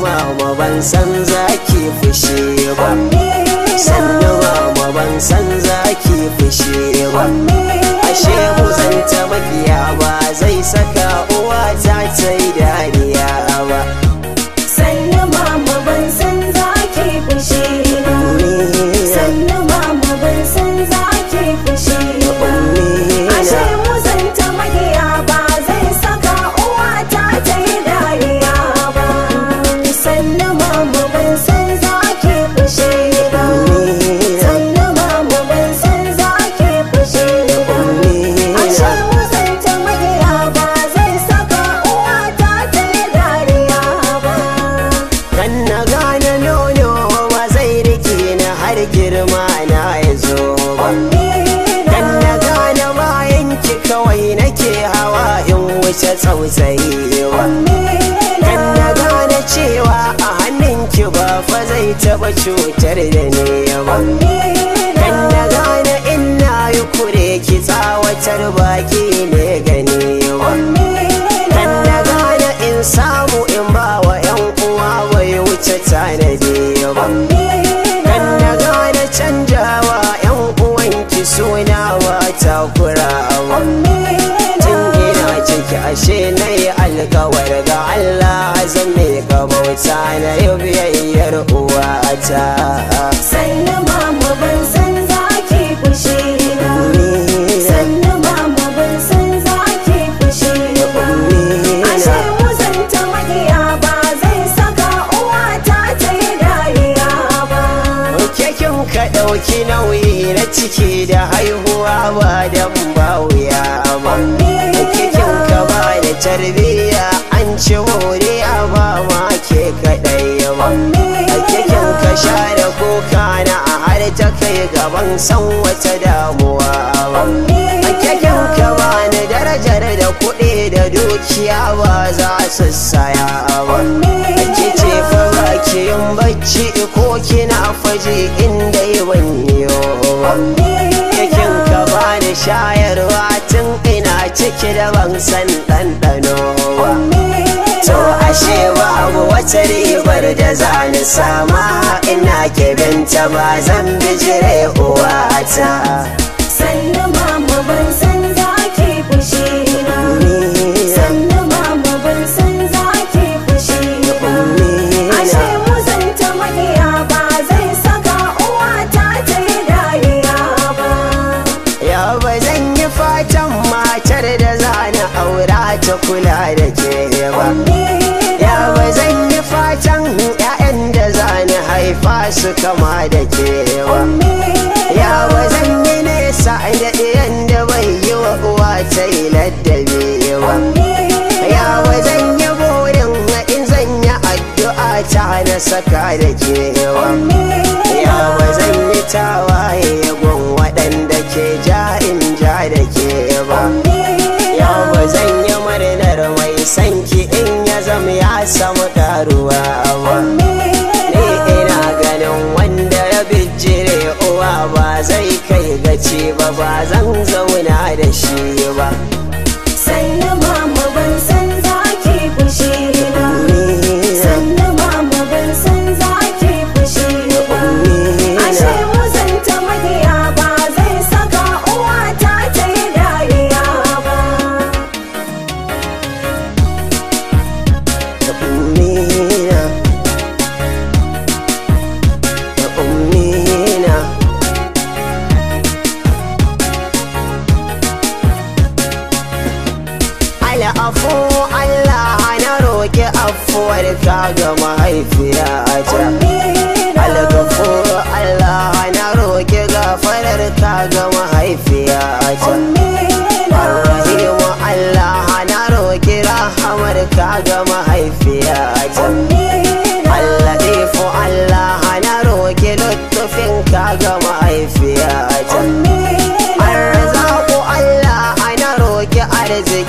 ma ban san zaki fushi ba sannu ma ban san zaki fushi ba ashe mu zanta makiya ba tsautsayewa dan na gane cewa a hannunki ba fa zai taba cutar da ni ba dan na gane ina yi kure ki tsawatar baki kawar ga Allah azan mai ka bauta na yi biyayyar uwa sannan ba zai saka uwata ta yi dariya ba kekin ka ɗauki nauyi na ciki da haihuwa ba dan wuya ka ba da tarbiyya ci more a ba ma ke kaɗai ba kikin ka share kuka na a har ta kai gaban san wata damuwa ba kikin ka ba ni darajar da kuɗi da dukiya ba za su saya ba kice barci yin bacci ko kina faji inda yi ban yiwo ba ka ba ni shayarwa tun ina ciki da ban san ɗanɗano ba ashe babu wace ribar da zani sama ina binta ba zan bijire uwata sannu mama ban san ba su da kewa ya wajen zan yi nesa da ɗiyan da bai yi wa uwa ta yi laddabewa ya ba zan yi burin in zan yi addu'a ta na saka da kewa ya wajen zan yi tawaye gun waɗanda ke ja in ja da kewa ya wajen yi murnar mai sanki in ya zama ya samu ce ba ba zan zauna da shi ba afu Allah na roƙi afuwar ka ga mahaifiya can algafu Allah na roƙi gafarar ka ga mahaifiya can arrahimu Allah na roƙi rahamar ka ga mahaifiya ta alladifu Allah na roƙi luttufin ka ga mahaifiya ta arzaku Allah na roƙi arziki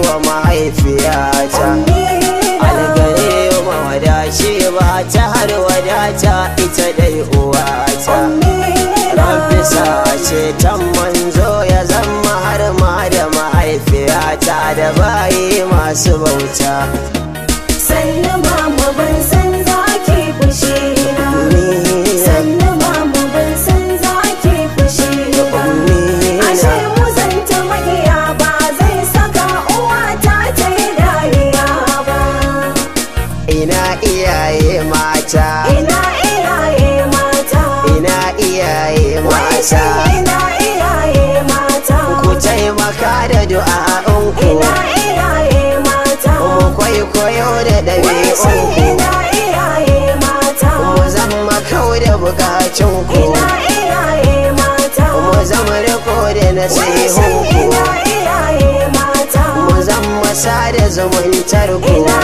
wa mahaifiyata algare wa wadace ba ta har wadata ita dai uwata rabbi sace tan manzo ya zama har ma da mahaifiyata da bayi masu bauta sannan ban ina iyaye mata ku taimaka da du'a'un ku ina iyaye mata mu kwaikwayo da ɗabi'un ku ina iyaye mata mu zama kau da bukacin ku ina iyaye mata mu zama riko da nasihu ku ina iyaye mata mu zama da zumuntar ku ina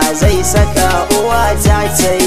zai saka uwa ta ce